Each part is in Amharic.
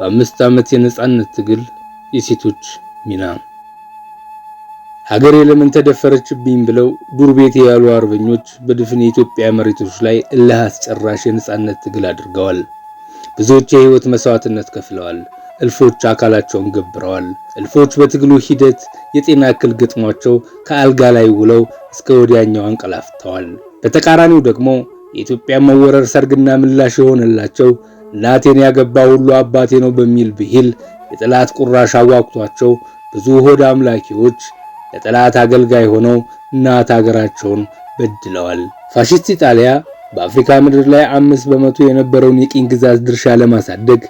በአምስት ዓመት የነጻነት ትግል የሴቶች ሚና ሀገሬ ለምን ተደፈረችብኝ ብለው ዱር ቤት ያሉ አርበኞች በድፍን የኢትዮጵያ መሬቶች ላይ እልህ አስጨራሽ የነጻነት ትግል አድርገዋል። ብዙዎች የህይወት መስዋዕትነት ከፍለዋል። እልፎች አካላቸውን ገብረዋል። እልፎች በትግሉ ሂደት የጤና እክል ገጥሟቸው ከአልጋ ላይ ውለው እስከ ወዲያኛው አንቀላፍተዋል። በተቃራኒው ደግሞ የኢትዮጵያ መወረር ሰርግና ምላሽ የሆነላቸው ላቴን ያገባ ሁሉ አባቴ ነው በሚል ብሂል የጠላት ቁራሽ አዋግቷቸው ብዙ ሆድ አምላኪዎች ለጠላት አገልጋይ ሆነው እናት አገራቸውን በድለዋል። ፋሽስት ኢጣሊያ በአፍሪካ ምድር ላይ አምስት በመቶ የነበረውን የቅኝ ግዛት ድርሻ ለማሳደግ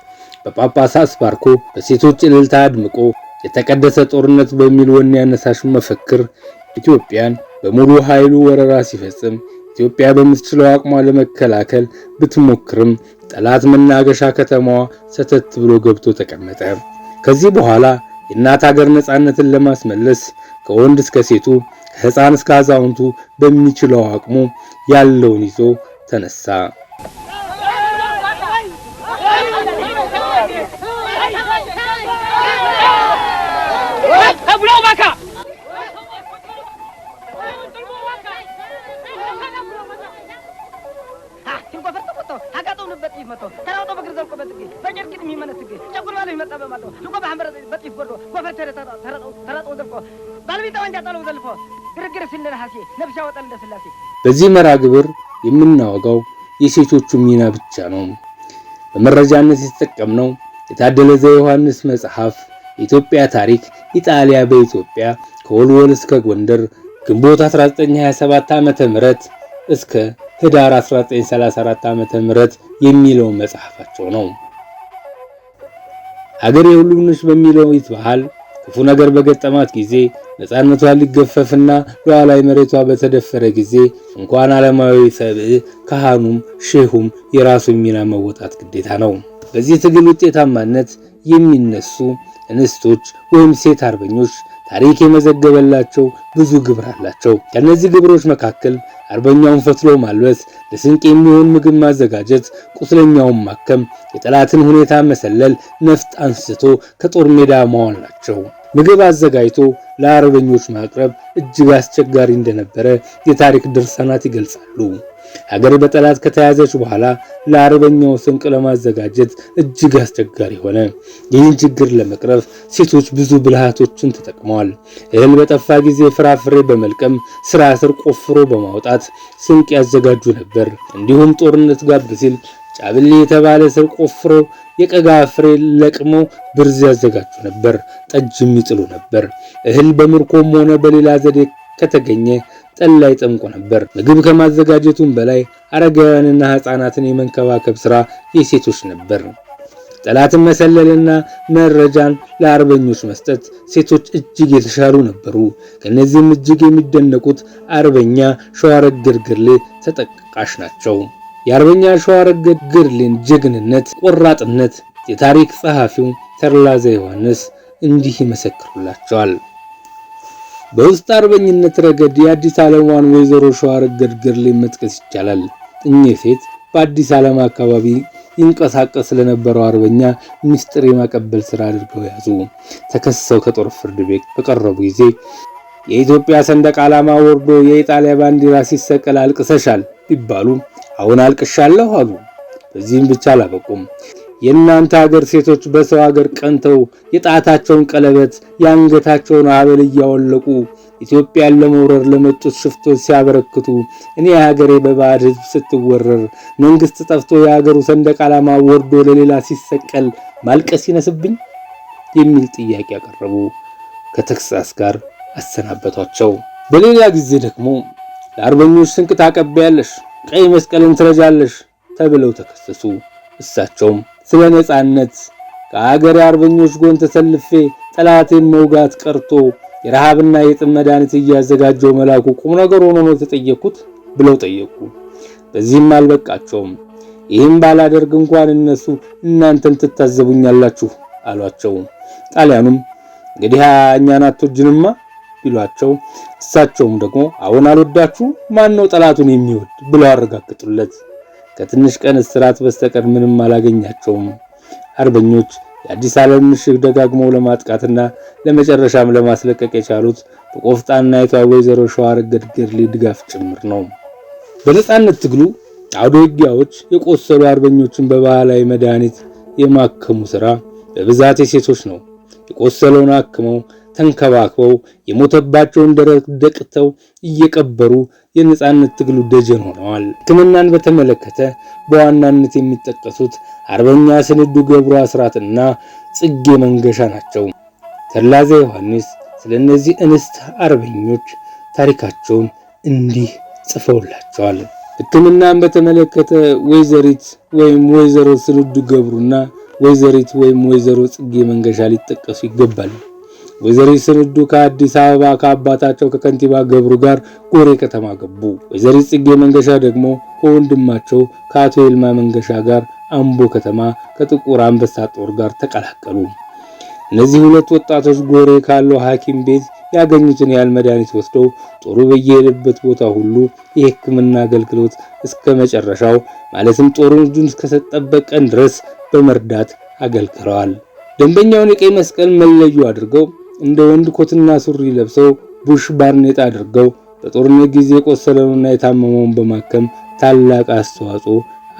በጳጳስ አስፓርኮ በሴቶች እልልታ አድምቆ የተቀደሰ ጦርነት በሚል ወኔ ያነሳሽ መፈክር ኢትዮጵያን በሙሉ ኃይሉ ወረራ ሲፈጽም ኢትዮጵያ በምትችለው አቅሟ ለመከላከል ብትሞክርም ጠላት መናገሻ ከተማዋ ሰተት ብሎ ገብቶ ተቀመጠ። ከዚህ በኋላ የእናት ሀገር ነፃነትን ለማስመለስ ከወንድ እስከ ሴቱ ከሕፃን እስከ አዛውንቱ በሚችለው አቅሙ ያለውን ይዞ ተነሳ። በዚህ መርሃ ግብር የምናወጋው የሴቶቹ ሚና ብቻ ነው። በመረጃነት የተጠቀምነው የታደለ ዘዮሐንስ መጽሐፍ የኢትዮጵያ ታሪክ ኢጣሊያ በኢትዮጵያ ከወልወል እስከ ጎንደር ግንቦት 1927 ዓም ምህረት እስከ ህዳር 1934 ዓመተ ምህረት የሚለው መጽሐፋቸው ነው። ሀገር የሁሉም ነች በሚለው ይትበሃል ክፉ ነገር በገጠማት ጊዜ ነፃነቷ ሊገፈፍና ሉዓላዊ መሬቷ በተደፈረ ጊዜ እንኳን ዓለማዊ ሰብዕ ካህኑም ሼሁም የራሱ ሚና መወጣት ግዴታ ነው። በዚህ ትግል ውጤታማነት የሚነሱ እንስቶች ወይም ሴት አርበኞች ታሪክ የመዘገበላቸው ብዙ ግብር አላቸው። ከእነዚህ ግብሮች መካከል አርበኛውን ፈትሎ ማልበስ፣ ለስንቅ የሚሆን ምግብ ማዘጋጀት፣ ቁስለኛውን ማከም፣ የጠላትን ሁኔታ መሰለል፣ ነፍጥ አንስቶ ከጦር ሜዳ ማዋል ናቸው። ምግብ አዘጋጅቶ ለአርበኞች ማቅረብ እጅግ አስቸጋሪ እንደነበረ የታሪክ ድርሳናት ይገልጻሉ። ሀገር በጠላት ከተያዘች በኋላ ለአርበኛው ስንቅ ለማዘጋጀት እጅግ አስቸጋሪ ሆነ። ይህን ችግር ለመቅረፍ ሴቶች ብዙ ብልሃቶችን ተጠቅመዋል። እህል በጠፋ ጊዜ ፍራፍሬ በመልቀም ስራ ስር ቆፍሮ በማውጣት ስንቅ ያዘጋጁ ነበር። እንዲሁም ጦርነት ጋብ ሲል ጫብል የተባለ ሰው ቆፍሮ የቀጋ ፍሬ ለቅሞ ብርዝ ያዘጋጁ ነበር። ጠጅም ይጥሉ ነበር። እህል በምርኮም ሆነ በሌላ ዘዴ ከተገኘ ጠላ ይጠምቁ ነበር። ምግብ ከማዘጋጀቱም በላይ አረጋውያንና ሕፃናትን የመንከባከብ ስራ የሴቶች ነበር። ጠላትን መሰለልና መረጃን ለአርበኞች መስጠት ሴቶች እጅግ የተሻሉ ነበሩ። ከእነዚህም እጅግ የሚደነቁት አርበኛ ሸዋረግ ግርግርሌ ተጠቃሽ ናቸው። የአርበኛ ሸዋረገድ ገድሌን ጀግንነት፣ ቆራጥነት የታሪክ ጸሐፊው ተርላዘ ዮሐንስ እንዲህ ይመሰክሩላቸዋል። በውስጥ አርበኝነት ረገድ የአዲስ ዓለሟን ወይዘሮ ሸዋረገድ ገድሌን መጥቀስ ይቻላል። እኚህ ሴት በአዲስ ዓለም አካባቢ ይንቀሳቀስ ለነበረው አርበኛ ምስጢር የማቀበል ስራ አድርገው ያዙ። ተከሰው ከጦር ፍርድ ቤት በቀረቡ ጊዜ የኢትዮጵያ ሰንደቅ ዓላማ ወርዶ የኢጣሊያ ባንዲራ ሲሰቀል አልቅሰሻል ቢባሉ አሁን አልቅሻለሁ አሉ። በዚህም ብቻ አላበቁም። የእናንተ ሀገር ሴቶች በሰው ሀገር ቀንተው የጣታቸውን ቀለበት የአንገታቸውን ሀብል እያወለቁ ኢትዮጵያን ለመውረር ለመጡት ሽፍቶች ሲያበረክቱ እኔ የሀገሬ በባዕድ ሕዝብ ስትወረር መንግስት ጠፍቶ የሀገሩ ሰንደቅ ዓላማ ወርዶ ለሌላ ሲሰቀል ማልቀስ ይነስብኝ የሚል ጥያቄ ያቀረቡ ከተክሳስ ጋር አሰናበቷቸው። በሌላ ጊዜ ደግሞ ለአርበኞች ስንቅ ታቀበያለሽ ቀይ መስቀልን ትረጃለሽ ተብለው ተከሰሱ። እሳቸውም ስለ ነጻነት ከአገሬ አርበኞች ጎን ተሰልፌ ጠላቴን መውጋት ቀርቶ የረሃብና የጥም መድኃኒት እያዘጋጀው መላኩ ቁም ነገር ሆኖ ነው የተጠየቅኩት ብለው ጠየቁ። በዚህም አልበቃቸውም። ይህም ባላደርግ እንኳን እነሱ እናንተን ትታዘቡኛላችሁ አሏቸው። ጣሊያኑም እንግዲህ እኛን አትወጅንማ ቢሏቸው እሳቸውም ደግሞ አሁን አልወዳችሁ ማን ነው ጠላቱን የሚወድ ብለው አረጋግጡለት። ከትንሽ ቀን እስራት በስተቀር ምንም አላገኛቸውም። አርበኞች የአዲስ አለም ምሽግ ደጋግመው ለማጥቃትና ለመጨረሻም ለማስለቀቅ የቻሉት የቷ ወይዘሮ ሸዋረገድ ገድሌ ድጋፍ ጭምር ነው። በነፃነት ትግሉ አውደ ውጊያዎች የቆሰሉ አርበኞችን በባህላዊ መድኃኒት የማከሙ ሥራ በብዛት የሴቶች ነው። የቆሰለውን አክመው ተንከባክበው የሞተባቸውን ደረት ደቅተው እየቀበሩ የነፃነት ትግሉ ደጀን ሆነዋል። ሕክምናን በተመለከተ በዋናነት የሚጠቀሱት አርበኛ ስንዱ ገብሩ አስራትና ጽጌ መንገሻ ናቸው። ተላዛ ዮሐንስ ስለ እነዚህ እንስት አርበኞች ታሪካቸውን እንዲህ ጽፈውላቸዋል። ሕክምናን በተመለከተ ወይዘሪት ወይም ወይዘሮ ስንዱ ገብሩና ወይዘሪት ወይም ወይዘሮ ጽጌ መንገሻ ሊጠቀሱ ይገባል። ወይዘሪት ስንዱ ከአዲስ አበባ ከአባታቸው ከከንቲባ ገብሩ ጋር ጎሬ ከተማ ገቡ። ወይዘሪት ጽጌ መንገሻ ደግሞ ከወንድማቸው ከአቶ ይልማ መንገሻ ጋር አምቦ ከተማ ከጥቁር አንበሳ ጦር ጋር ተቀላቀሉ። እነዚህ ሁለት ወጣቶች ጎሬ ካለው ሐኪም ቤት ያገኙትን ያህል መድኃኒት ወስደው ጦሩ በየሄደበት ቦታ ሁሉ የሕክምና አገልግሎት እስከ መጨረሻው ማለትም ጦሩ እጁን እስከሰጠበት ቀን ድረስ በመርዳት አገልግለዋል። ደንበኛውን የቀይ መስቀል መለዩ አድርገው እንደ ወንድ ኮትና ሱሪ ለብሰው ቡሽ ባርኔጣ አድርገው በጦርነት ጊዜ የቆሰለውንና የታመመውን በማከም ታላቅ አስተዋጽኦ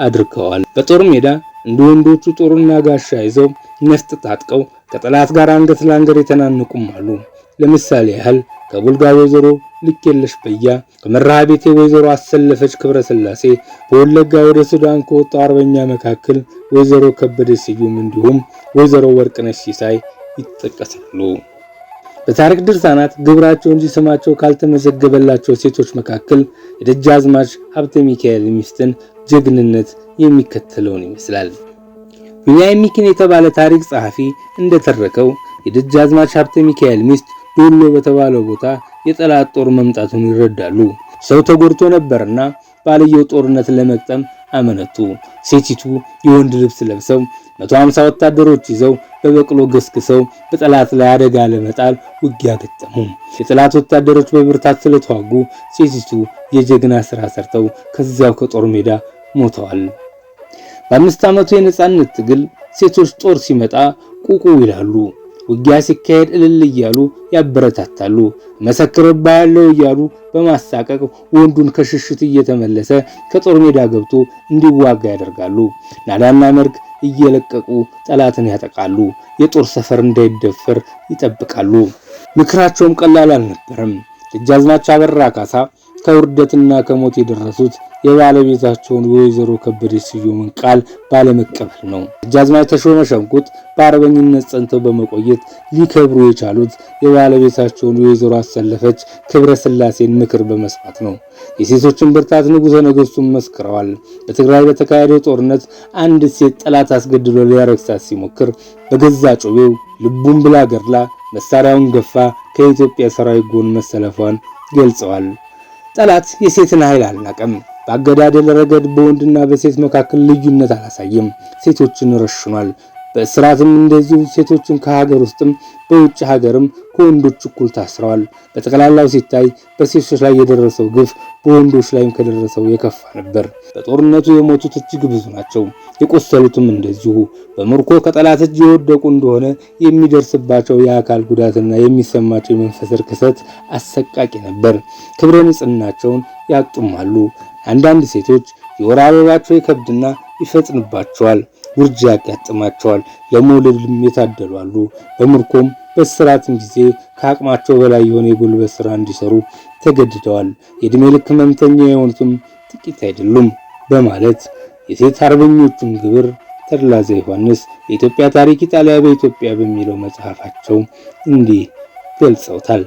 አድርገዋል። በጦር ሜዳ እንደ ወንዶቹ ጦርና ጋሻ ይዘው ነፍጥ ታጥቀው ከጠላት ጋር አንገት ለአንገት የተናንቁም አሉ። ለምሳሌ ያህል ከቡልጋ ወይዘሮ ልክ የለሽ በያ፣ ከመርሃ ቤቴ ወይዘሮ አሰለፈች ክብረ ስላሴ በወለጋ ወደ ሱዳን ከወጣው አርበኛ መካከል ወይዘሮ ከበደ ስዩም እንዲሁም ወይዘሮ ወርቅነሽ ሲሳይ ይጠቀሳሉ። በታሪክ ድርሳናት ግብራቸው እንጂ ስማቸው ካልተመዘገበላቸው ሴቶች መካከል የደጃዝማች ሀብተ ሚካኤል ሚስትን ጀግንነት የሚከተለውን ይመስላል። ቢንያም ሚኪን የተባለ ታሪክ ጸሐፊ እንደተረከው የደጃዝማች ሀብተ ሚካኤል ሚስት ዶሎ በተባለው ቦታ የጠላት ጦር መምጣቱን ይረዳሉ። ሰው ተጎድቶ ነበርና ባልየው ጦርነት ለመቅጠም አመነቱ። ሴቲቱ የወንድ ልብስ ለብሰው 150 ወታደሮች ይዘው በበቅሎ ገስግሰው በጠላት ላይ አደጋ ለመጣል ውጊያ ገጠሙ። የጠላት ወታደሮች በብርታት ስለተዋጉ ሴቲቱ የጀግና ስራ ሰርተው ከዚያው ከጦር ሜዳ ሞተዋል። በአምስት ዓመቱ የነጻነት ትግል ሴቶች ጦር ሲመጣ ቁቁ ይላሉ። ውጊያ ሲካሄድ እልል እያሉ ያበረታታሉ። መሰክርባለው እያሉ በማሳቀቅ ወንዱን ከሽሽት እየተመለሰ ከጦር ሜዳ ገብቶ እንዲዋጋ ያደርጋሉ። ናዳና መርግ እየለቀቁ ጠላትን ያጠቃሉ። የጦር ሰፈር እንዳይደፈር ይጠብቃሉ። ምክራቸውም ቀላል አልነበረም። ደጃዝማች አበራ ካሳ ከውርደትና ከሞት የደረሱት የባለቤታቸውን የወይዘሮ ከበደች ስዩምን ቃል ባለመቀበል ነው። ደጃዝማች ተሾመ ሸምቁት በአርበኝነት ጸንተው በመቆየት ሊከብሩ የቻሉት የባለቤታቸውን የወይዘሮ አሰለፈች ክብረ ስላሴን ምክር በመስማት ነው። የሴቶችን ብርታት ንጉሠ ነገሥቱን መስክረዋል። በትግራይ በተካሄደው ጦርነት አንድ ሴት ጠላት አስገድሎ ሊያረግሳት ሲሞክር በገዛ ጩቤው ልቡን ብላ ገድላ መሳሪያውን ገፋ ከኢትዮጵያ ሰራዊት ጎን መሰለፏን ገልጸዋል። ጠላት የሴትን ኃይል አልናቀም። በአገዳደል ረገድ በወንድና በሴት መካከል ልዩነት አላሳየም። ሴቶችን ረሽኗል። በእስራትም እንደዚሁ ሴቶችን ከሀገር ውስጥም በውጭ ሀገርም ከወንዶች እኩል ታስረዋል። በጠቅላላው ሲታይ በሴቶች ላይ የደረሰው ግፍ በወንዶች ላይም ከደረሰው የከፋ ነበር። በጦርነቱ የሞቱት እጅግ ብዙ ናቸው። የቆሰሉትም እንደዚሁ በምርኮ ከጠላት እጅ የወደቁ እንደሆነ የሚደርስባቸው የአካል ጉዳትና የሚሰማቸው የመንፈስ ርክሰት አሰቃቂ ነበር። ክብረ ንጽህናቸውን ያጡማሉ። አንዳንድ ሴቶች የወር አበባቸው ይከብድና ይፈጥንባቸዋል። ውርጅ ያጋጥማቸዋል። ለመውለድም የታደሉ አሉ። በምርኮም በስራትም ጊዜ ከአቅማቸው በላይ የሆነ የጉልበት ስራ እንዲሰሩ ተገድደዋል። የእድሜ ልክ ህመምተኛ የሆኑትም ጥቂት አይደሉም በማለት የሴት አርበኞቹን ግብር ተድላዛ ዮሐንስ የኢትዮጵያ ታሪክ ኢጣሊያ በኢትዮጵያ በሚለው መጽሐፋቸው እንዲህ ገልጸውታል።